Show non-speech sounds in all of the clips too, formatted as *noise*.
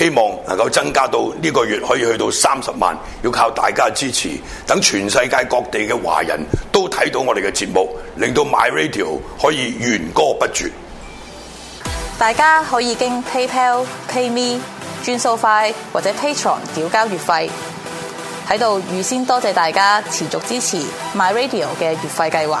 希望能夠增加到呢，這個月可以去到三十萬，要靠大家支持。等全世界各地嘅華人都睇到我哋嘅節目，令到 My Radio 可以弦歌不絕。大家可以經 PayPal、PayMe 轉數快，或者 Patreon 繳交月費。喺度預先多謝大家持續支持 My Radio 嘅月費計劃。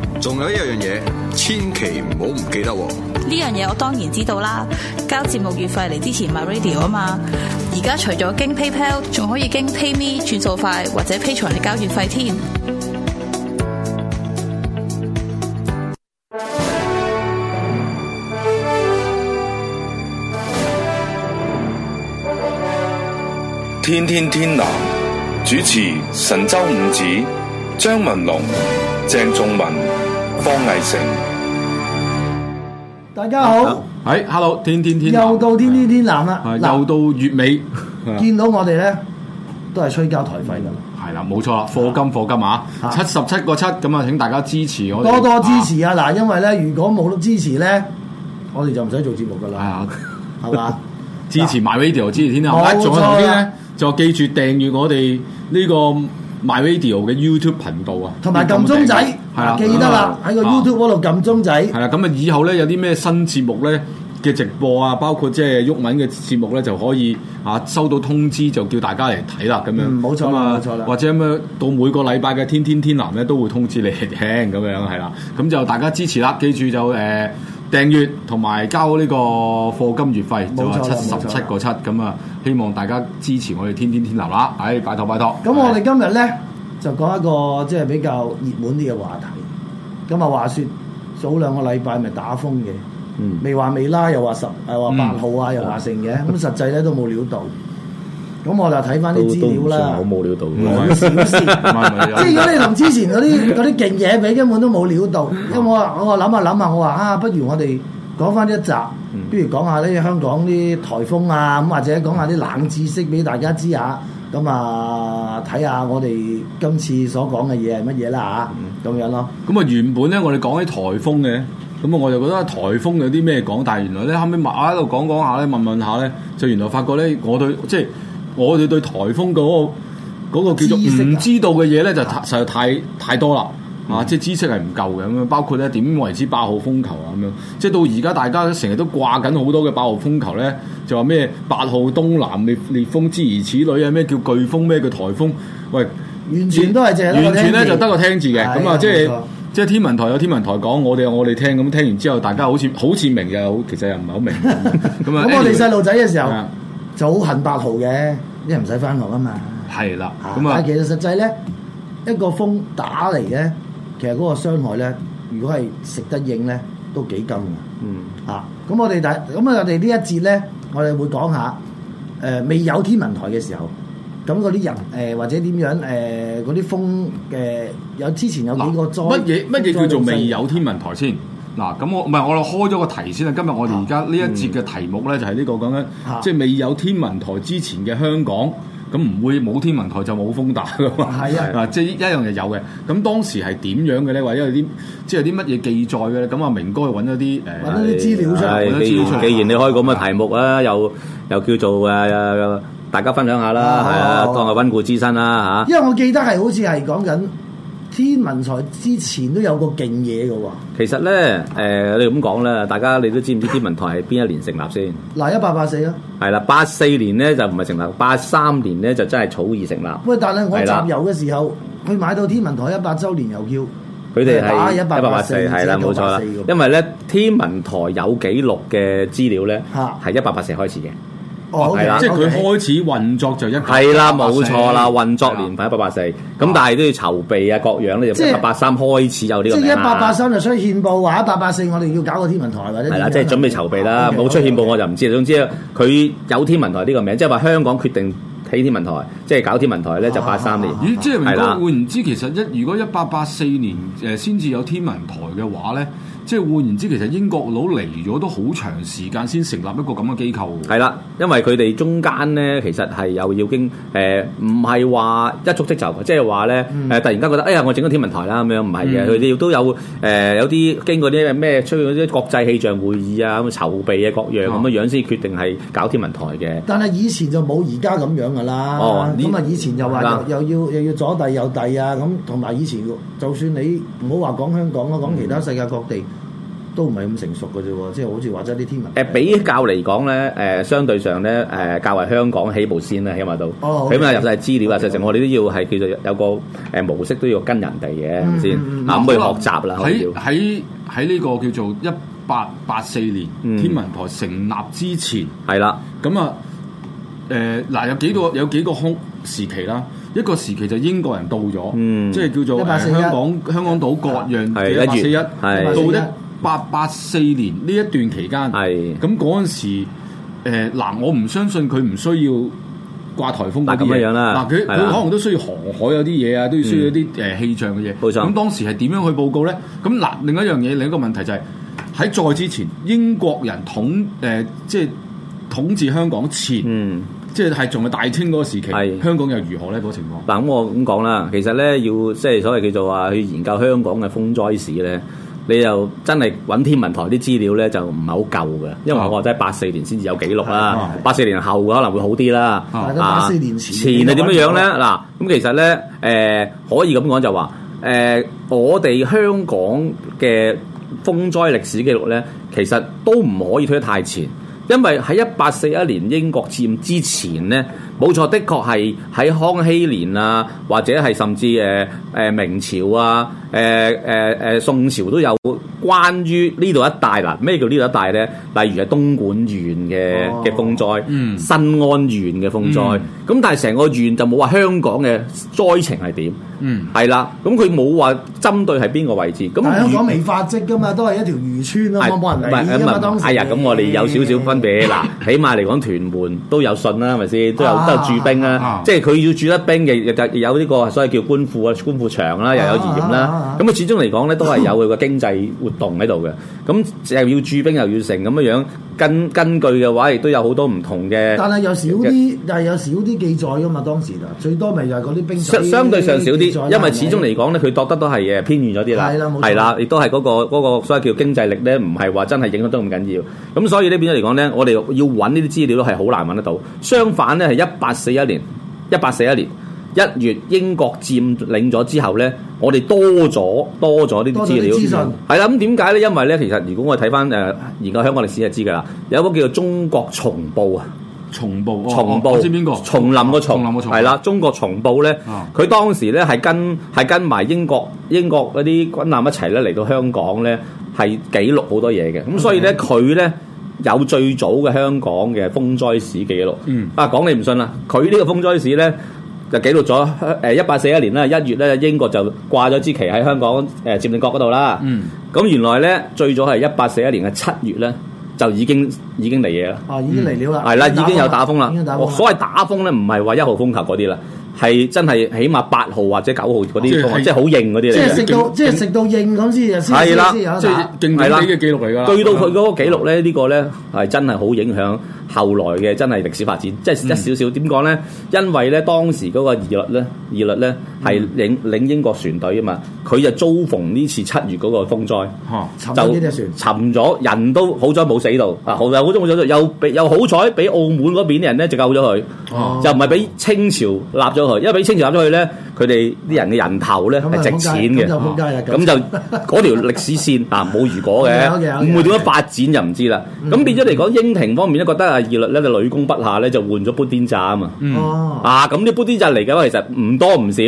仲有一樣嘢，千祈唔好唔記得喎！呢樣嘢我當然知道啦，交節目月費嚟支持 MyRadio 啊嘛。而家除咗經 PayPal，仲可以經 PayMe 轉數快或者 Patreon 嚟交月費添。天天天藍主持：神州五子張文龍、鄭仲文。方藝成，大家好，係 Hello，天天天藍，又到天天天藍啦，又到月尾，見到我哋咧，都係催交台費噶啦，係啦，冇錯啦，課金課金啊，七十七個七咁啊，請大家支持我哋，多多支持啊！嗱，因為咧，如果冇得支持咧，我哋就唔使做節目噶啦，係嘛，支持 My Radio，支持天藍，仲有頭先咧，就記住訂閱我哋呢個 My Radio 嘅 YouTube 頻道啊，同埋撳鐘仔。係啦、啊，記得啦，喺個 YouTube 嗰度撳鐘仔。係啦，咁啊，啊以後咧有啲咩新節目咧、嘅直播啊，包括即係鬱文嘅節目咧，就可以啊收到通知就叫大家嚟睇啦，咁樣。嗯，冇錯，冇錯啦。錯，或者咁樣到每個禮拜嘅天天天南天天天藍咧，都會通知你聽，咁樣係啦。咁就、啊、大家支持啦，記住就誒訂閲同埋交呢個課金月費，就七十七個七咁啊！希望大家支持我哋天天天藍啦，誒拜託拜託。咁我哋今日咧。就講一個即係比較熱門啲嘅話題。咁啊話説早兩個禮拜咪打風嘅，嗯、未話未啦，又話十，又話八號啊，嗯、又話成嘅。咁 *laughs* 實際咧都冇料到。咁我就睇翻啲資料啦。好冇料到，我少少。即係如果你同之前嗰啲啲勁嘢，比根本都冇料到。咁、嗯、我話我話諗下諗下，我話啊，不如我哋講翻一集，不如講下呢啲香港啲颱風啊，咁或者講下啲冷知識俾大家知下。咁啊，睇下我哋今次所講嘅嘢係乜嘢啦嚇，咁樣咯。咁啊原本咧，我哋講起颱風嘅，咁啊我就覺得颱風有啲咩講，但係原來咧後尾咪喺度講講下咧，問問下咧，就原來發覺咧，我對即係我哋對颱風嗰個嗰個叫做唔知道嘅嘢咧，就實在太太多啦。啊！嗯、即係知識係唔夠嘅咁樣，包括咧點為之八號風球啊咁樣。即係到而家大家成日都掛緊好多嘅八號風球咧，就話咩八號東南烈烈風諸如此類啊。咩叫颶風？咩叫颱風？喂，完全都係淨完全咧就得個聽字嘅咁啊！即係即係天文台有天文台講，我哋有我哋聽咁。聽完之後，大家好似好似明嘅，其實又唔係好明。咁啊，咁我哋細路仔嘅時候就好恨八號嘅，的因為唔使翻學啊嘛。係啦，咁啊，其實實際咧一個風打嚟咧。其實嗰個傷害咧，如果係食得應咧，都幾金嘅。嗯，啊，咁我哋第，咁我哋呢一節咧，我哋會講下，誒、呃、未有天文台嘅時候，咁嗰啲人，誒、呃、或者點樣，誒嗰啲風，嘅、呃，有之前有幾個災乜嘢乜嘢叫做未有天文台先？嗱、啊，咁我唔係我開咗個題先題啊，今日我哋而家呢一節嘅題目咧就係呢個講緊，即係、啊、未有天文台之前嘅香港。咁唔會冇天文台就冇風打噶嘛，嗱，即係一樣嘢有嘅。咁當時係點樣嘅咧？或者有啲即係有啲乜嘢記載嘅咧？咁啊，明哥揾一啲揾一啲資料出嚟。既然你開咁嘅題目啦，啊、又又叫做誒、啊、大家分享下啦，係啊，啊啊好當係溫故知新啦嚇。啊、因為我記得係好似係講緊。天文台之前都有個勁嘢嘅喎。其實咧，誒、呃，你咁講啦，大家你都知唔知天文台係邊一年成立先？嗱 *laughs* 呢，一八八四啊。係啦，八四年咧就唔係成立，八三年咧就真係草擬成立。喂，但係我集郵嘅時候，佢了買到天文台一百週年郵票。佢哋係一八八四，係啦，冇錯啦。因為咧，天文台有記錄嘅資料咧，係一八八四開始嘅。係、oh, okay, 啦，即係佢開始運作就一係啦，冇錯啦，運作年份一八八四，咁但係都要籌備啊各樣咧，一八八三開始有呢個名。即係一八八三就出憲報話一八八四，我哋要搞個天文台或者係啦、啊，即係準備籌備啦、啊，冇、啊 okay, 出憲報我就唔知啦。Okay, okay, 總之佢有天文台呢個名，即係話香港決定起天文台，即、就、係、是、搞天文台咧就八三年。咦，即係會唔會唔知其實一如果一八八四年誒先至有天文台嘅話咧？即係換言之，其實英國佬嚟咗都好長時間先成立一個咁嘅機構。係啦，因為佢哋中間咧，其實係又要經誒，唔係話一蹴即就，即係話咧誒，嗯、突然間覺得哎呀，我整咗天文台啦咁樣，唔係嘅，佢哋亦都有誒、呃，有啲經過啲咩出去啲國際氣象會議啊，咁樣籌備啊，各樣咁嘅樣先決定係搞天文台嘅。但係以前就冇而家咁樣㗎啦。哦，咁啊，以前又話又要又要左第右第啊，咁同埋以前就算你唔好話講香港啦，講其他世界各地。嗯都唔係咁成熟嘅啫喎，即係好似話齋啲天文。誒比較嚟講咧，誒相對上咧，誒較為香港起步先咧，起碼都起碼入晒資料啦，就成我哋都要係叫做有個誒模式都要跟人哋嘅先，咁去學習啦。喺喺喺呢個叫做一八八四年天文台成立之前，係啦，咁啊誒嗱有幾個有幾個空時期啦，一個時期就英國人到咗，即係叫做香港香港島各樣係一八四一到一八八四年呢一段期間，咁嗰陣時，嗱、呃，我唔相信佢唔需要掛颱風嘅嘢。咁嘅樣啦，嗱佢佢可能都需要航海有啲嘢啊，的都要需要啲誒氣象嘅嘢。冇咁、嗯、當時係點樣去報告咧？咁嗱，另一樣嘢，另一個問題就係、是、喺再之前英國人統誒、呃，即係統治香港前，嗯、即係係仲係大清嗰個時期，的香港又如何咧？嗰情況？嗱、嗯，咁、嗯、我咁講啦，其實咧要即係所謂叫做話去研究香港嘅風災史咧。你又真係揾天文台啲資料呢，就唔係好舊嘅，因為我話真係八四年先至有記錄啦。八四年後可能會好啲啦。八四的、啊、年前係點樣樣呢？嗱、嗯，咁其實呢，誒、呃、可以咁講就話，誒、呃、我哋香港嘅風災歷史記錄呢，其實都唔可以推得太前，因為喺一八四一年英國佔之前呢，冇錯，的確係喺康熙年啊，或者係甚至誒誒、呃、明朝啊。誒誒誒，宋朝都有關於呢度一帶嗱，咩叫呢度一帶咧？例如係東莞縣嘅嘅風災，新安縣嘅風災，咁但係成個縣就冇話香港嘅災情係點，係啦，咁佢冇話針對係邊個位置，咁香港未發跡㗎嘛，都係一條漁村啦，冇冇人嚟嘅係。哎呀，咁我哋有少少分別嗱，起碼嚟講屯門都有信啦，係咪先？都有都有駐兵啦，即係佢要駐得兵嘅，有呢個所謂叫官庫啊，官庫場啦，又有鹽啦。咁啊，始終嚟講咧，都係有佢個經濟活動喺度嘅。咁 *laughs* 又要駐兵，又要成咁樣樣，根根據嘅話，亦都有好多唔同嘅。但係有少啲，又其有少啲記載噶嘛。當時啊，最多咪就係嗰啲兵。相相對上少啲，因為始終嚟講咧，佢度得都係嘅偏遠咗啲啦。係啦，係啦，亦都係嗰、嗰個嗰個所謂叫經濟力咧，唔係話真係影響得咁緊要。咁所以呢邊咧嚟講咧，我哋要揾呢啲資料都係好難揾得到。相反咧，係一八四一年，一八四一年。一月英國佔領咗之後呢，我哋多咗多咗呢啲資料，係啦。咁點解呢？因為呢，其實如果我睇翻誒，呃、研究香港歷史就知㗎啦，有本叫做《中國叢報》啊，叢報，叢報，知邊個？叢林個叢，叢林個叢，係啦，《中國叢報》呢，佢、哦、當時呢係跟係跟埋英國英國嗰啲軍艦一齊呢嚟到香港呢，係記錄好多嘢嘅。咁、嗯、所以呢，佢呢有最早嘅香港嘅風災史記錄。嗯，嗯啊，講你唔信啦，佢呢個風災史呢。就記錄咗香一八四一年啦，一月咧英國就掛咗支旗喺香港誒佔領角嗰度啦。嗯。咁原來咧最早係一八四一年嘅七月咧就已經已經嚟嘢啦。哦，已經嚟料、嗯、啦。係啦，已經有打風啦。已經打風，所謂打風咧，唔係話一號風球嗰啲啦，係真係起碼八號或者九號嗰啲，即係好硬嗰啲嚟。就是、即係食到，即係食到硬咁先。係、啊就是、啦。即係競技嘅記錄嚟㗎。嗯、對到佢嗰個記錄咧，呢、呢個咧係真係好影響。後來嘅真係歷史發展，即係一少少點講咧？因為咧當時嗰個義律咧，義律咧係領領英國船隊啊嘛，佢就遭逢呢次七月嗰個風災，就沉咗，人都好彩冇死到，啊好彩好彩，又又好彩俾澳門嗰邊啲人咧就救咗佢，就唔係俾清朝立咗佢，因為俾清朝立咗佢咧，佢哋啲人嘅人頭咧係值錢嘅，咁就嗰條歷史線啊冇如果嘅，唔會點樣發展就唔知啦。咁變咗嚟講，英廷方面咧覺得啊。二律咧就屢攻不下咧，就換咗布丁扎啊嘛。哦，啊咁呢布丁扎嚟嘅話，其實唔多唔少，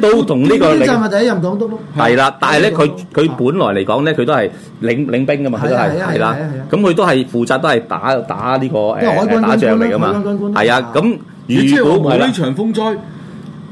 都同呢個領。布丁扎咪第一任廣東咯。係啦，但係咧佢佢本來嚟講咧，佢都係領領兵噶嘛，佢都係係啦。咁佢都係負責都係打打呢個誒軍打仗嚟噶嘛。係啊，咁如果呢場風災，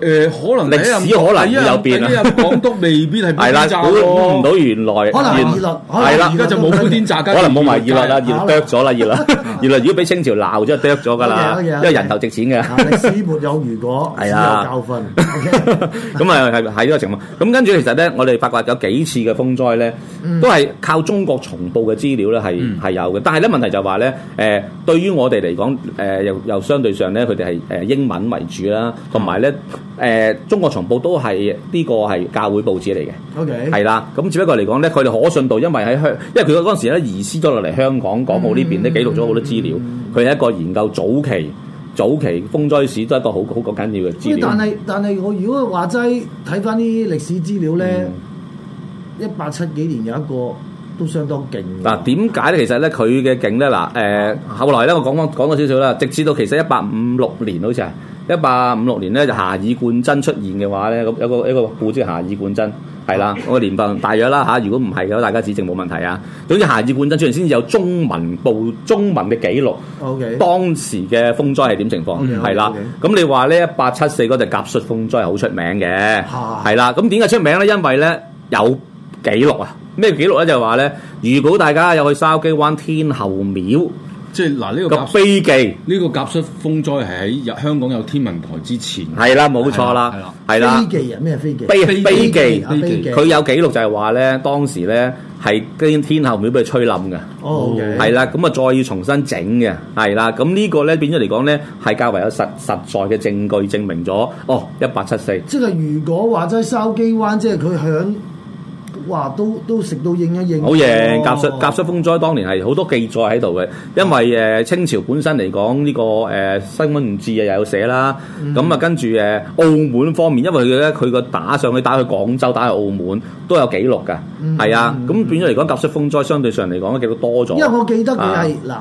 誒可能歷史可能有變啦，港督未必係滿洲，估唔到原來。可能義律啦，而家就冇滿天摘可能冇埋義律啦，義律剁咗啦，義律。義了律如果俾清朝鬧咗，剁咗㗎啦，因為人頭值錢嘅。 *laughs* 歷史沒有如果，係啊 *laughs* 了，教訓。咁啊， *laughs* *laughs* *laughs* 係係呢個情況。咁跟住其實咧，我哋發覺有幾次嘅風災咧，都係靠中國重報嘅資料咧，係係、嗯、有嘅。但係咧問題就係話咧，誒、呃、對於我哋嚟講，誒、呃、又又相對上咧，佢哋係誒英文為主啦，同埋咧。誒、呃，中國長報都係呢、這個係教會報紙嚟嘅，係啦 Okay.。咁只不過嚟講咧，佢哋可信度因，因為喺香，因為佢嗰陣時咧移師咗落嚟香港港澳呢邊咧，嗯、記錄咗好多資料。佢係、嗯嗯、一個研究早期、早期風災史都係一個好好緊要嘅資料。但係但係，我如果話齋睇翻啲歷史資料咧，一八七幾年有一個都相當勁。嗱、啊，點解咧？其實咧，佢嘅勁咧，嗱，誒，後來咧，我講講講多少少啦。直至到其實一八五六年，好似係。一八五六年咧就遐邇貫珍出現嘅話咧，咁有個一個古稱遐邇貫珍，係啦，個、啊、年份大約啦吓，如果唔係嘅，大家指正冇問題啊。總之遐邇貫珍出現先有中文報中文嘅記錄。O K。當時嘅風災係點情況？係啦。咁你話呢，一八七四嗰隻甲戌風災係好出名嘅，係啦、啊。咁點解出名咧？因為咧有記錄啊。咩記錄咧？就係話咧，如果大家有去筲箕灣天后廟。即係嗱，呢、這個個飛記，呢個甲戌風災係喺日香港有天文台之前，係啦，冇錯啦，係啦，係啦，飛記啊，咩飛記？飛飛記，佢有記錄就係話咧，當時咧係跟天后廟俾佢吹冧嘅，係、oh, okay 啦，咁啊再要重新整嘅，係啦，咁呢個咧變咗嚟講咧係較為有實實在嘅證據證明咗，哦，一八七四。即係如果話真係筲箕灣，即係佢響。哇！都都食到應一應害，好嘢術！甲戌甲戌風災，當年係好多記載喺度嘅，因為誒、嗯呃、清朝本身嚟講呢、呢個誒、呃、新聞紙啊，又有寫啦。咁啊、嗯，跟住誒澳門方面，因為佢咧，佢個打上去打去廣州，打去澳門都有記錄㗎，係、嗯、啊。咁、嗯、變咗嚟講，甲戌風災相對上嚟講都記錄多咗。因為我記得嘅係嗱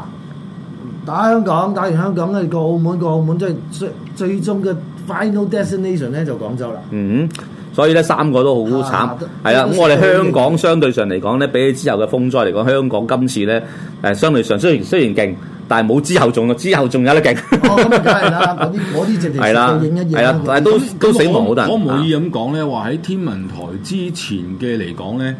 打香港，打完香港咧過澳門，過澳門即係最最終嘅 final destination 咧就廣州啦。了嗯。所以咧三個都好慘，係啦。咁我哋香港相對上嚟講咧，比起之後嘅風災嚟講，香港今次咧，誒相對上雖然雖然勁，但係冇之後仲，之後仲有得勁。我咁梗係啦，啲啲直情係影一樣，係啦，但係都都，都死亡好大。我唔可以咁講咧，話喺天文台之前嘅嚟講咧，誒、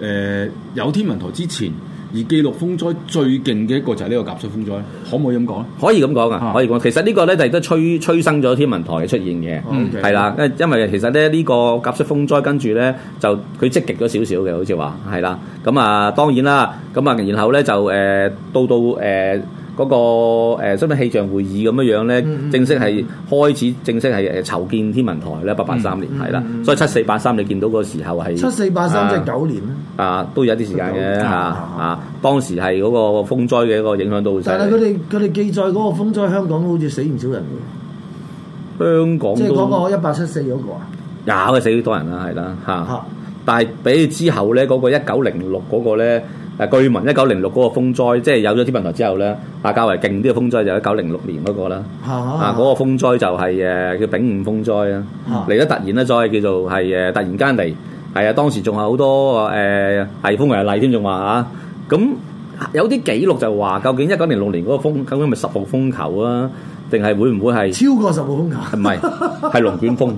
呃、有天文台之前。而記錄風災最勁嘅一個就係呢個甲戌風災，可唔可以咁講咧？可以咁講啊，可以講。其實呢個咧就係都催催生咗天文台嘅出現嘅，係啦。因為因為其實咧呢、呢個甲戌風災跟住咧就佢積極咗少少嘅，好似話係啦。咁、嗯、啊當然啦，咁、嗯、啊然後咧就誒、呃、到到誒。呃嗰個新所以氣象會議咁樣樣咧，正式係開始，正式係誒籌建天文台咧，一八八三年係啦。所以七四八三你見到個時候係七四八三即係九年啊，啊啊都有啲時間嘅嚇啊，啊！當時係嗰個風災嘅一個影響都好大，但係佢哋佢哋記載嗰個風災香港好似死唔少人嘅。香港即係嗰個一八七四嗰個啊，又係死好多人啦，係啦嚇。的但係比起之後咧，嗰、嗰個一九零六嗰個咧。誒據聞一九零六嗰個風災，即係有咗天文台之後咧，啊較為勁啲嘅風災就一九零六年嗰個啦，啊嗰個風災就係誒叫丙午風災啊，嚟得突然啦，再叫做係誒突然間嚟，係啊當時仲係好多誒颱風為例添，仲話啊，咁有啲記錄就話，究竟一九零六年嗰個風究竟咪十號風球啊，定係會唔會係超過十號風球？唔係，係龍捲風。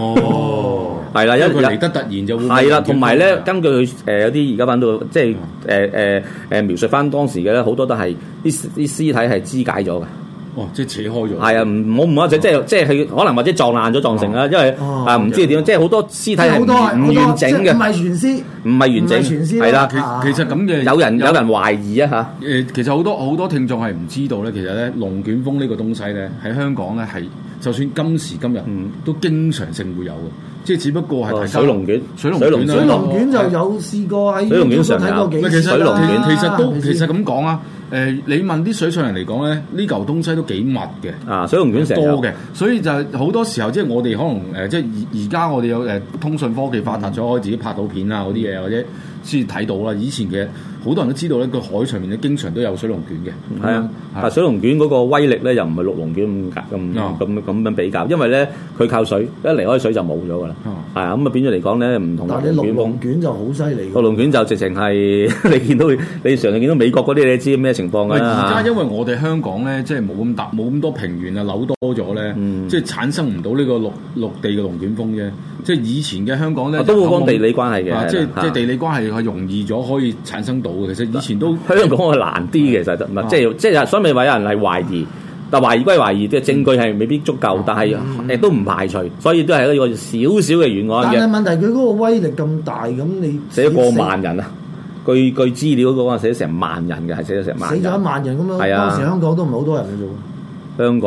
哦，係啦，因為佢嚟得突然就會係啦，同埋咧，根據佢有啲而家揾到，即係誒誒誒描述翻當時嘅咧，好多都係啲啲屍體係肢解咗嘅。哦，即係扯開咗。係啊，唔好唔好意思，即係即係佢可能或者撞爛咗撞成啦，因為啊唔知點樣，即係好多屍體係唔完整嘅。唔係全屍，唔係完整，唔係全屍。係啦，其實咁嘅有人有人懷疑啊嚇。誒，其實好多好多聽眾係唔知道咧，其實咧龍捲風呢個東西咧喺香港咧係。就算今時今日，嗯、都經常性會有嘅，即係只不過係水龍捲。水龍捲，水龍捲，啊、就有試過喺水龍捲成日。唔係其實水龍捲，其實都其實咁講實實啊。誒、呃，你問啲水上人嚟講咧，呢嚿東西都幾密嘅。啊，水龍捲多嘅，所以就係好多時候，即係我哋可能誒、呃，即係而而家我哋有誒通訊科技發達咗，以可以自己拍到片啊嗰啲嘢，或者。先睇到啦，以前嘅好多人都知道咧，個海上面咧經常都有水龍捲嘅。係啊，樣啊，但水龍捲嗰個威力咧又唔係陸龍捲咁咁咁咁樣比較，因為咧佢靠水，一離開水就冇咗㗎啦。係啊，咁啊變咗嚟講咧唔同卷。但係你陸龍捲就好犀利。陸龍捲就直情係你見到你常見到美國嗰啲，你知咩情況㗎啦？而家因為我哋香港咧，即係冇咁大，冇咁多平原啊，樓多咗咧，即係、嗯、產生唔到呢個陸陸地嘅龍捲風啫。即係以前嘅香港咧，都會講地理關係嘅，即係即係地理關係係容易咗可以產生到嘅。其實以前都香港係難啲嘅，其實唔係即係即係所以咪話有人係懷疑，但懷疑歸懷疑，即係證據係未必足夠，但係亦都唔排除，所以都係一個少少嘅懸案嘅。但係問題佢嗰個威力咁大，咁你寫過萬人啊？據據資料嗰個寫成萬人嘅係寫咗成萬死咗一萬人咁樣，當時香港都唔係好多人嘅啫。香港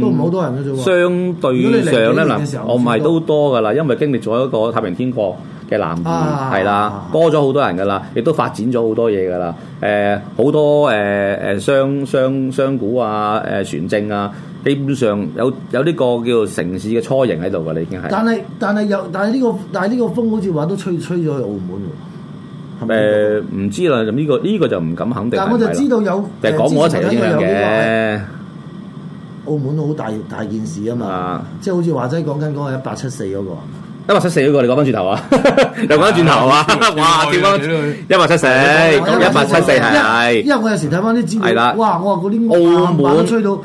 都唔好多人嘅啫喎，相對上咧嗱，我唔係都多嘅啦，因為經歷咗一個太平天國嘅南移係啦，啊啊、多咗好多人嘅啦，亦都發展咗好多嘢嘅啦。誒、呃，好多誒誒、呃、商商商股啊，誒、呃、船政啊，基本上有有呢個叫做城市嘅雛形喺度嘅，已經係。但係但係有、這個、但係呢個但係呢個風好似話都吹吹咗去澳門喎。誒唔、呃、了知啦，咁、這、呢個呢、這個就唔敢肯定。但我就知道有就講我一齊影響嘅。嗯澳門都好大大件事啊嘛，啊即係好似華仔講緊嗰個一八七四嗰個，一八七四嗰個你講翻轉頭啊，又講翻轉頭啊，哇！點解一八七四，一八七四係係，4, 啊、4, 4, 4, 4, 4, 因為我有時睇翻啲資料，哇！我話嗰啲澳門、啊、吹到。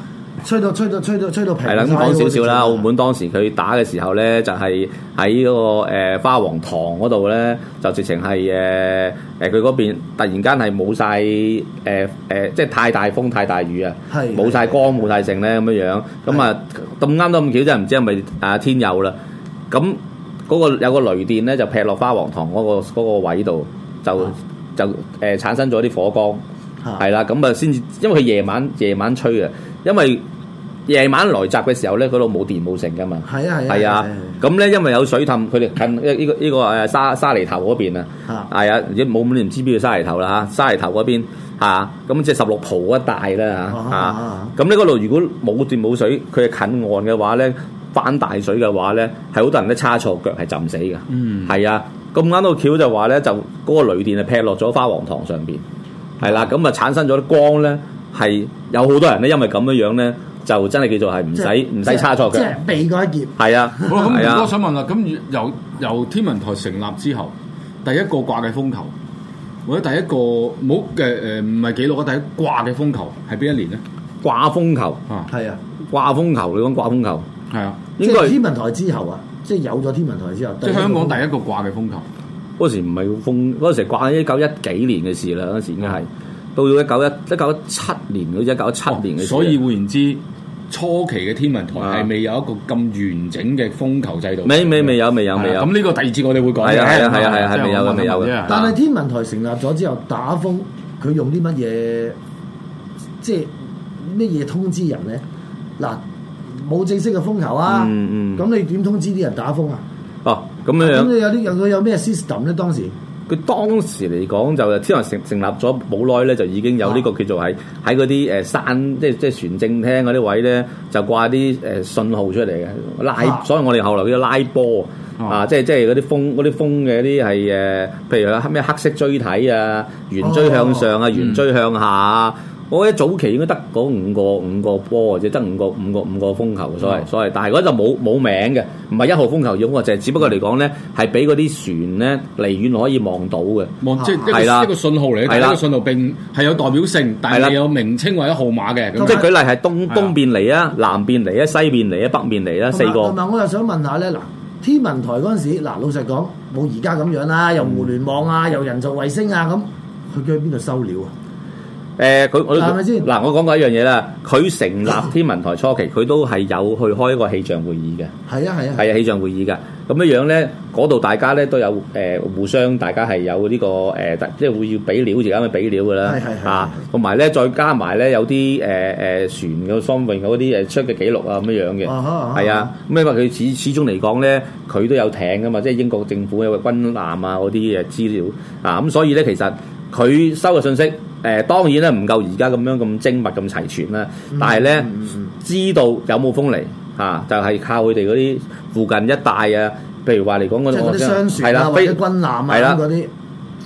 吹到吹到吹到吹到平係啦，咁講少少啦。澳門當時佢打嘅時候咧，就係喺嗰個誒花王堂嗰度咧，就直情係誒誒，佢嗰邊突然間係冇晒誒誒，即係太大風太大雨啊，冇晒光冇晒剩咧咁樣樣。咁啊咁啱都咁巧真係唔知係咪啊天佑啦。咁嗰個有個雷電咧，就劈落花王堂嗰個個位度，就就誒產生咗啲火光，係啦。咁啊，先至因為佢夜晚夜晚吹啊。因為夜晚來襲嘅時候咧，嗰度冇電冇成噶嘛，係啊係啊，係啊。咁咧、啊，嗯、因為有水浸，佢哋近呢、這個呢、這個誒沙沙梨頭嗰邊啊，係啊，而家冇咁你唔知邊叫沙梨頭啦吓，沙梨頭嗰邊吓，咁即係十六浦一帶啦吓，吓、啊。咁呢個路如果冇電冇水，佢係近岸嘅話咧，翻大水嘅話咧，係好多人都差錯腳係浸死嘅，嗯，係啊。咁啱到橋就話咧，就嗰個雷電啊劈落咗花王堂上邊，係啦，咁啊產生咗啲光咧。係有好多人咧，因為咁樣樣咧，就真係叫做係唔使唔使差錯嘅。即係避過一劫。係啊，好啦，咁我想問啦，咁由由天文台成立之後，第一個掛嘅風球或者第一個冇誒誒唔係記錄嘅第一掛嘅風球係邊一年咧？掛風球啊，係啊，掛風球你講掛風球係啊，應該係天文台之後啊，即係有咗天文台之後。即係香港第一個掛嘅風球，嗰時唔係風，嗰時掛喺一九一幾年嘅事啦，嗰時已經係。到咗一九一一九一七年，好似一九一七年嘅，所以換言之，初期嘅天文台係未有一個咁完整嘅風球制度。未未未有，未有，未有。咁呢個第二節我哋會講。係啊係啊係啊係未有嘅未有嘅。但係天文台成立咗之後打風，佢用啲乜嘢？即係乜嘢通知人咧？嗱，冇正式嘅風球啊！咁你點通知啲人打風啊？哦，咁樣咁你有啲有有咩 system 咧？當時？佢當時嚟講就，天文台成立咗冇耐咧，就已經有呢、呢個叫做喺喺嗰啲誒山，即係即係船政廳嗰啲位咧，就掛啲誒信號出嚟嘅拉。啊、所以我哋後嚟叫做拉波啊，即係即係嗰啲風嗰啲風嘅啲係誒，譬如有咩黑色錐體啊，圓錐向上啊，圓錐、哦哦哦、向下啊。嗯。我覺得早期應該得嗰五個五個波或者得五個五個五個風球所謂所謂，但係嗰就冇冇名嘅，唔係一號風球咁啊，就係只不過嚟講咧係俾嗰啲船咧離遠可以望到嘅。望即係一個一個信號嚟，但係個信號並係有代表性，但係有名稱或者號碼嘅。即係舉例係東東邊嚟啊，南邊嚟啊，西邊嚟啊，北邊嚟啊，四個。同埋我又想問下咧，嗱天文台嗰陣時，嗱老實講冇而家咁樣啦，又互聯網啊，又人造衛星啊咁，佢去邊度收料啊？誒佢，嗱我講過一樣嘢啦。佢成立天文台初期，佢都係有去開個氣象會議嘅。係啊，係啊，係啊，氣象會議噶。咁樣樣咧，嗰度大家咧都有誒互相，大家係有呢個誒，即係會要俾料而家咁俾料嘅啦。係係啊，同埋咧再加埋咧有啲誒誒船嘅方面，嗰啲誒出嘅記錄啊咁樣嘅。係啊，咁因為佢始始終嚟講咧，佢都有艇噶嘛，即係英國政府有個軍艦啊嗰啲嘢資料啊咁，所以咧其實佢收嘅信息。誒、呃、當然咧唔夠而家咁樣咁精密咁齊全啦，嗯、但係咧、嗯嗯、知道有冇風嚟嚇、啊，就係、是、靠佢哋嗰啲附近一帶啊，譬如話嚟講嗰啲，係啦、啊，非軍艦係啦，嗰啲、啊。的些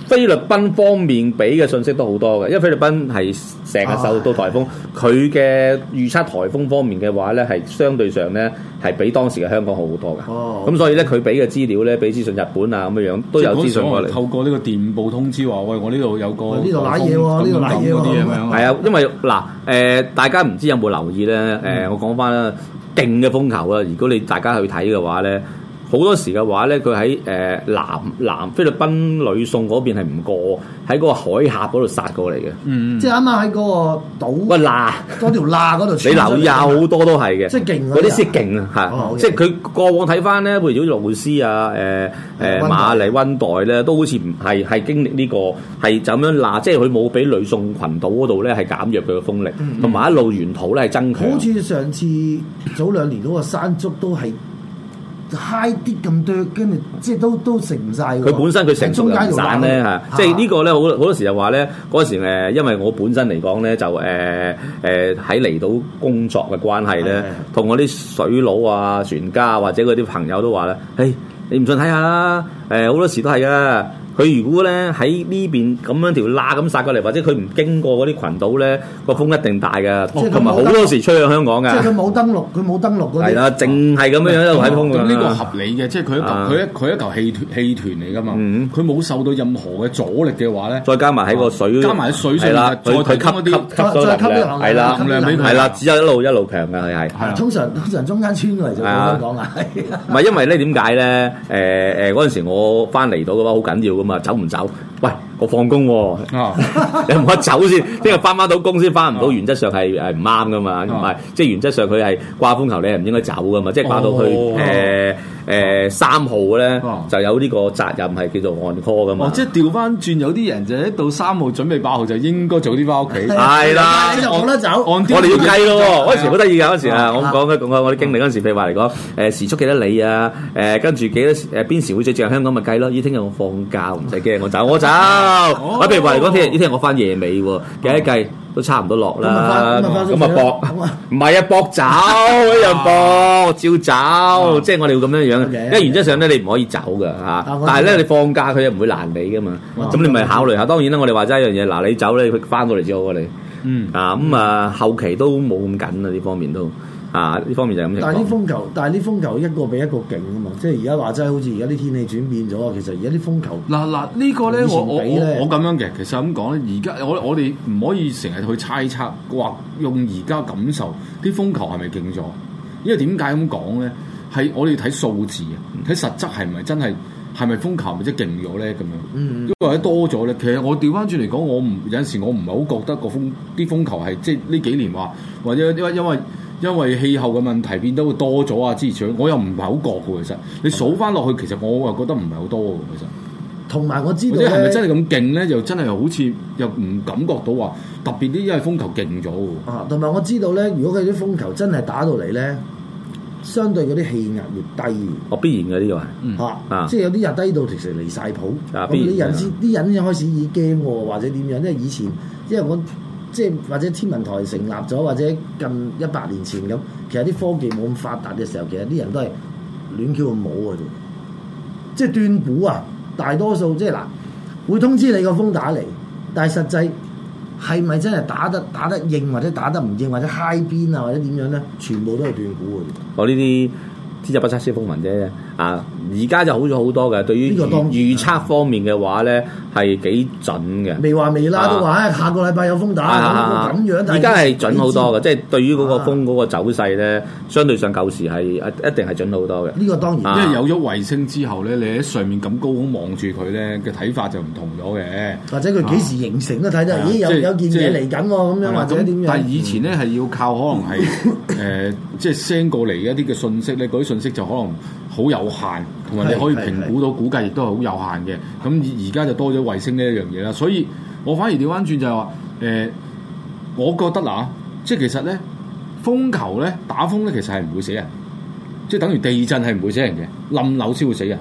菲律賓方面俾嘅信息都好多嘅，因為菲律賓係成日受到颱風，佢嘅預測颱風方面嘅話咧，係相對上咧係比當時嘅香港好多、啊、好多嘅。哦，咁所以咧佢俾嘅資料咧，俾資訊日本啊咁樣樣都有資訊過嚟。透過呢個電報通知話：喂，我呢度有個呢度攋嘢喎，呢度攋嘢喎。係啊，啊，因為嗱誒，大家唔知有冇留意咧？誒、嗯，我講翻啦勁嘅風球啊！如果你大家去睇嘅話咧。好多時嘅話咧，佢喺誒南南菲律賓呂宋嗰邊係唔過，喺嗰個海峽嗰度殺過嚟嘅。嗯，即係啱啱喺嗰個島，嗰條罅嗰度。你留意下，好多都係嘅，即係勁啊！嗰啲先勁啊，係，即係佢過往睇翻咧，譬如好似羅胡斯啊、誒誒馬來溫代咧，都好似唔係係經歷呢個係就咁樣嗱，即係佢冇俾呂宋群島嗰度咧係減弱佢嘅風力，同埋一路沿途咧係增強。好似上次早兩年嗰個山竹都係。嗨啲咁多，跟住即係都都食唔晒佢本身佢食中間嗰咧嚇，啊、即係呢個咧好多好多時候話咧嗰陣時誒，因為我本身嚟講咧就誒誒喺離島工作嘅關係咧，同我啲水佬啊、船家、啊、或者嗰啲朋友都話咧，誒、哎、你唔信看看、啊，睇下啦，誒好多時都係啊。」佢如果咧喺呢邊咁樣條罅咁殺過嚟，或者佢唔經過嗰啲群島咧，個風一定大㗎，同埋好多時吹去香港㗎。即係佢冇登陸，佢冇登陸嗰啲。係啦，淨係咁樣樣一路睇風㗎，呢個合理嘅，即係佢一佢佢一嚿氣團氣團嚟㗎嘛。佢冇受到任何嘅阻力嘅話咧，再加埋喺個水，加埋喺水上，係啦，佢吸嗰啲吸咗力量，係啦，係啦，只有一路一路強嘅佢係。係啊，通常通常中間穿過嚟就冇得講啦。唔係因為咧點解咧？誒誒，嗰陣時我翻嚟到嘅話好緊要。咁啊，走唔走？喂，我放工，oh. *laughs* 你唔好走先，聽日翻唔到工先翻唔到，oh. 原則上係係唔啱噶嘛，唔係。即係原則上佢係掛風球你係唔應該走噶嘛，即係掛到去誒。Oh. 呃誒三號咧，就有呢個責任係叫做按 call 㗎嘛。哦，即係調翻轉有啲人就一到三號準備八號就應該早啲翻屋企。係啦，你得走，按調。我哋要計咯。嗰時好得意㗎，嗰時啊，我講緊講我啲經歷。嗰時譬如話嚟講，誒時速幾多里啊？誒跟住幾多時？誒邊時會最接近香港咪計咯？依聽日我放假，唔使驚，我走我走。哦，我譬如話嚟講，聽日依聽日我翻夜尾，計一計。都差唔多落啦，咁啊搏，唔係啊搏走一樣搏，照走，即係我哋會咁樣樣。因為原則上咧，你唔可以走噶吓，但係咧你放假佢又唔會難你噶嘛。咁你咪考慮下。當然啦，我哋話齋一樣嘢，嗱你走咧，佢翻到嚟照噶你。嗯啊，咁啊後期都冇咁緊啊，呢方面都。啊！呢方面就係咁情況。但係啲風球，但係啲風球一個比一個勁啊嘛！即係而家話齋，好似而家啲天氣轉變咗啊，其實而家啲風球嗱嗱、這個、呢個咧，我我我我咁樣嘅，其實咁講咧，而家我我哋唔可以成日去猜測話用而家感受啲風球係咪勁咗？因為點解咁講咧？係我哋睇數字啊，睇實質係咪真係係咪風球咪即係勁咗咧？咁樣、嗯嗯、因為咧多咗咧，其實我調翻轉嚟講，我唔有陣時我唔係好覺得個風啲風球係即係呢幾年話或者因為因為。因為因為氣候嘅問題變到多咗啊！之前我又唔係好覺嘅，其實你數翻落去，其實我又覺得唔係好多其實。同埋我知道，嗰係咪真係咁勁咧？又真係好似又唔感覺到話特別啲，因為風球勁咗。啊，同埋我知道咧，如果佢啲風球真係打到嚟咧，相對嗰啲氣壓越低，哦，必然嘅呢個係嚇，嗯啊、即係有啲人低到其實離曬譜咁啲人啲人開始已經或者點樣？因為以前因為我。即係或者天文台成立咗或者近一百年前咁，其實啲科技冇咁發達嘅時候，其實啲人都係亂叫冇舞啊！即係斷估啊！大多數即係嗱，會通知你個風打嚟，但係實際係咪真係打得打得應或者打得唔應或者嗨邊啊或者點樣咧？全部都係斷估。啊、哦！我呢啲天有不測之風雲啫。啊！而家就好咗好多嘅，對於呢個當預測方面嘅話咧，係幾準嘅。未話未啦，都話下個禮拜有風打咁樣。而家係準好多嘅，即係對於嗰個風嗰個走勢咧，相對上舊時係一定係準好多嘅。呢個當然，因為有咗衛星之後咧，你喺上面咁高望住佢咧嘅睇法就唔同咗嘅。或者佢幾時形成都睇得，咦，有有件嘢嚟緊喎咁樣，或者點樣？但係以前咧係要靠可能係誒，即係 send 過嚟一啲嘅信息咧，嗰啲信息就可能。好有限，同埋你可以評估到是是是估計，亦都係好有限嘅。咁而而家就多咗衛星呢一樣嘢啦。所以，我反而調翻轉就係、是、話，誒、呃，我覺得嗱、啊，即係其實咧，風球咧打風咧，其實係唔會死人，即係等於地震係唔會死人嘅，冧樓先會死人。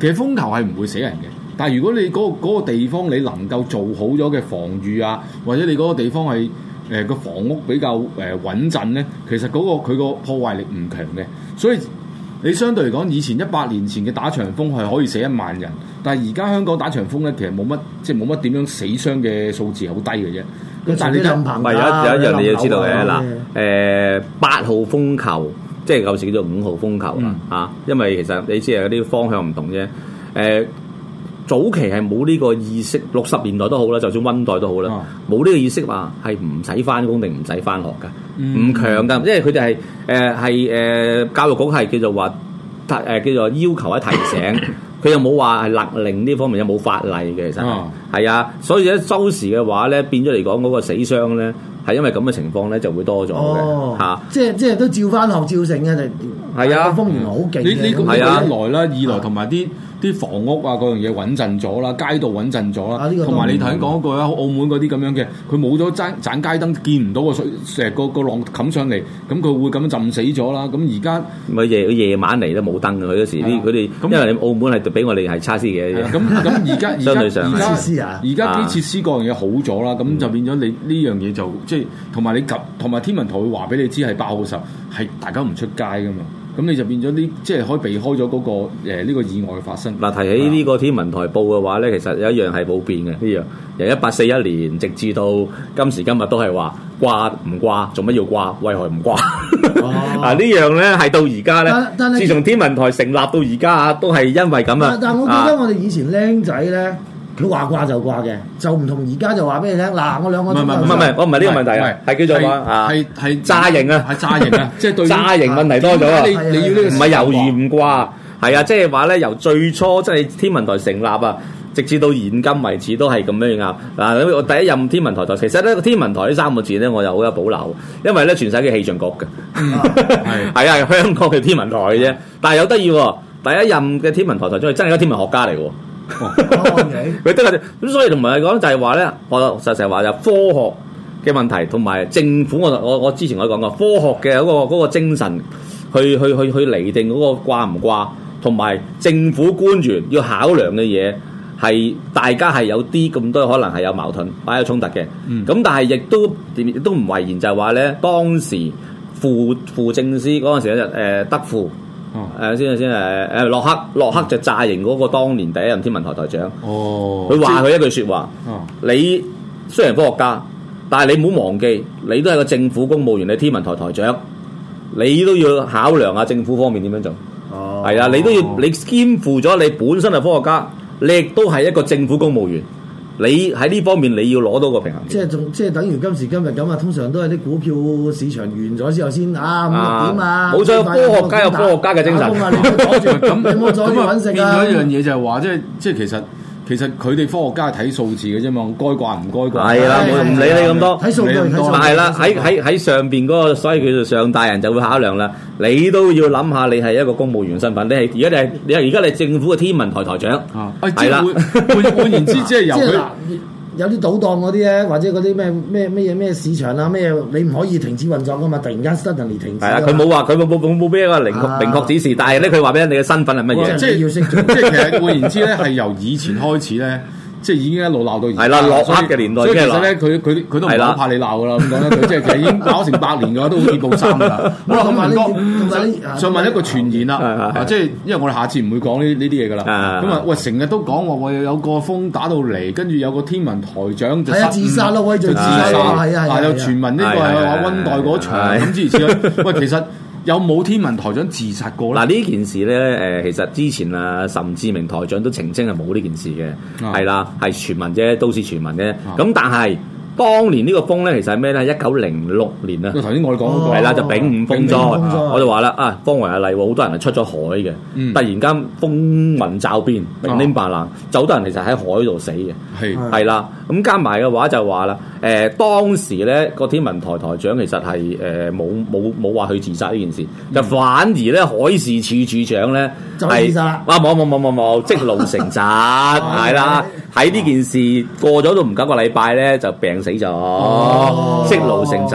其實風球係唔會死人嘅。但係如果你嗰、那個那個地方你能夠做好咗嘅防禦啊，或者你嗰個地方係誒個房屋比較誒穩陣咧，其實嗰、那個佢個破壞力唔強嘅，所以。你相對嚟講，以前一百年前嘅打長風係可以死一萬人，但係而家香港打長風咧，其實冇乜即係冇乜點樣死傷嘅數字，好低嘅啫。但唔係有有一樣你要知道嘅嗱，誒八、嗯呃、號風球，即係舊時叫做五號風球啦嚇、嗯啊，因為其實你知有啲方向唔同啫，誒、呃。早期係冇呢個意識，六十年代都好啦，就算溫代都好啦，冇呢個意識話係唔使返工定唔使返學㗎，唔強㗎。即係佢哋係誒係誒教育局係叫做話誒叫做要求一提醒，佢又冇話係勒令，呢方面又冇法例嘅其實，係啊，所以咧周時嘅話咧變咗嚟講嗰個死傷咧係因為咁嘅情況咧就會多咗嘅嚇。即係即係都照返學照醒嘅就係啊，風源好勁。呢呢咁一來啦，二來同埋啲。啲房屋啊，嗰樣嘢穩陣咗啦，街道穩陣咗啦，同埋、啊這個、你頭先講嗰句啦，澳門嗰啲咁樣嘅，佢冇咗盞盞街燈，見唔到個水石個個浪冚上嚟，咁佢會咁樣浸死咗啦。咁而家唔夜夜晚嚟都冇燈嘅，佢嗰時啲佢哋，啊、因為澳門係比我哋係差啲嘅。咁咁而家而家相對上而家啲設施個樣嘢好咗啦，咁就變咗你呢樣嘢就即係同埋你及同埋天文台會話俾你知係八號嘅時候，係大家唔出街嘅嘛。咁你就變咗啲，即、就、係、是、可以避開咗嗰、那個呢、呃呢個意外嘅發生。嗱，提起呢個天文台報嘅話咧，其實有一樣係冇變嘅呢樣，由一八四一年直至到今時今日都係話掛唔掛，做乜要掛？為何唔掛？嗱， *laughs* 啊啊、樣呢樣咧係到而家咧，啊、自從天文台成立到而家啊，都係因為咁啊。但我記得我哋以前僆仔咧。佢話掛就掛嘅，就唔同而家就話俾你聽嗱，我兩個唔係唔係唔係，我唔係呢個問題，係叫做啊，係係詐型啊，係詐型啊，即係對詐型問題多咗啊！你要呢個唔係猶豫唔掛，係啊，即係話咧，由最初即係天文台成立啊，直至到現今為止都係咁樣嘅噏嗱，我第一任天文台台其實咧個天文台呢三個字咧，我又好有保留，因為咧全世界氣象局嘅，係係啊，香港嘅天文台嘅啫，但係有得意喎，第一任嘅天文台台真係真係天文學家嚟嘅。咁、哦啊、 *laughs* 所以同埋嚟講就係話咧， *noise* 我實成日話就科學嘅問題，同埋政府，我我我之前我講過，科學嘅個嗰個精神，去去去去厘定嗰個掛唔掛，同埋政府官員要考量嘅嘢，係大家係有啲咁多可能係有矛盾，或者有衝突嘅，咁、嗯、但係亦都亦都唔諱言，就係話咧，當時副副政司嗰陣時咧就誒德富。誒、嗯啊，先啊先誒，誒，洛克洛克就炸型嗰個當年第一任天文台台長。哦，佢話佢一句說話，哦、你雖然科學家，但係你唔好忘記，你都係個政府公務員，你天文台台長，你都要考量下政府方面點樣做。哦，係啦、啊，你都要你肩負咗你本身係科學家，你亦都係一個政府公務員。你喺呢方面你要攞到個平衡即，即係仲即係等於今時今日咁啊！通常都係啲股票市場完咗之後先啊，五六點啊，冇錯、啊，啊、快科學家有、啊、科學家嘅精神。咁變咗一樣嘢就係、是、話，即係即係其實。其實佢哋科學家係睇數字嘅啫嘛，該掛唔該掛係啦，我唔理你咁多，唔理咁多，係啦，喺喺喺上邊嗰個，所以佢就上大人就會考量啦。你都要諗下，你係一個公務員身份，你係而家你係你而家你政府嘅天文台台長，係啦，啊，換換言之，即係由佢。有啲賭檔嗰啲咧，或者嗰啲咩咩咩嘢咩市場啊，咩你唔可以停止運作噶嘛？突然間 suddenly 停止。係啊，佢冇話佢冇冇冇俾一個，明確明確指示。但係咧，佢話俾人你嘅身份係乜嘢？即係是要先，即係其實換言 *laughs* 之咧，係由以前開始咧。即係已經一路鬧到而家，所以嘅年代，即係其實咧，佢佢佢都唔好怕你鬧噶啦。咁講咧，即係其實已經鬧成八年嘅話，都好易報三噶啦。好啦，咁問，咁問，想問一個傳言啦，即係因為我哋下次唔會講呢呢啲嘢噶啦。咁啊，喂，成日都講話我有個風打到嚟，跟住有個天文台長就自殺咯，威最自殺，係啊係啊，係啊，係啊，係啊，係啊，係啊，係啊，係啊。有冇天文台長自殺過？嗱，呢件事咧，誒其實之前啊，岑智明台長都澄清係冇呢件事嘅，係啦，係傳聞啫，都市傳聞啫。咁但係當年呢個風咧，其實係咩咧？一九零六年啊，頭先我哋講係啦，就丙午風災，我就話啦啊，風雲又嚟喎，好多人係出咗海嘅，突然間風雲驟變，亂掹白楞，好多人其實喺海度死嘅，係係啦。咁加埋嘅話就話啦。誒，當時咧個天文台台長其實係誒冇冇冇話去自殺呢件事，就反而咧海事處處長咧就係自殺啦！哇冇冇冇冇冇積勞成疾係啦，喺呢件事過咗都唔夠個禮拜咧就病死咗，積勞成疾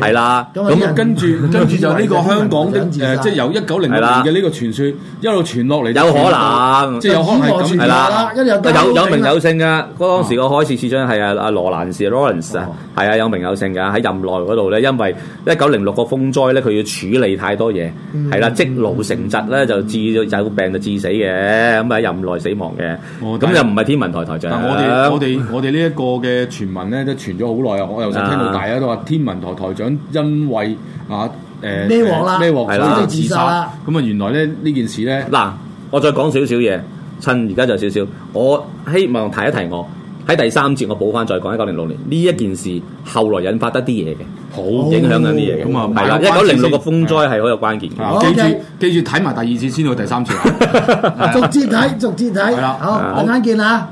係啦。咁啊跟住跟住就呢個香港的誒即係由一九零年嘅呢個傳說一路傳落嚟有可能，即係有可能係係啦，有有名有姓嘅當時個海事處長係阿阿羅蘭先。Lawrence 啊、哦，係啊，有名有姓噶喺任內嗰度咧，因為一九零六個風災咧，佢要處理太多嘢，係啦積勞成疾咧就致就病就致死嘅，咁啊喺任內死亡嘅，咁又唔係天文台台長。但係我哋我哋我哋呢一個嘅傳聞咧，都傳咗好耐啊！我又就聽到大家都話天文台台長因為啊誒孭鑊啦孭鑊，呃、所以自殺啦。咁啊，原來咧呢件事咧嗱，我再講少少嘢，趁而家就少少，我希望提,提一提我。喺第三節我補翻再講一九零六年呢一件事，後來引發得啲嘢嘅，好影響緊啲嘢嘅，咁啊係啦，一九零六個風災係好有關鍵嘅，記住記住睇埋第二節先到第三節，逐節睇逐節睇，好，等陣見啦。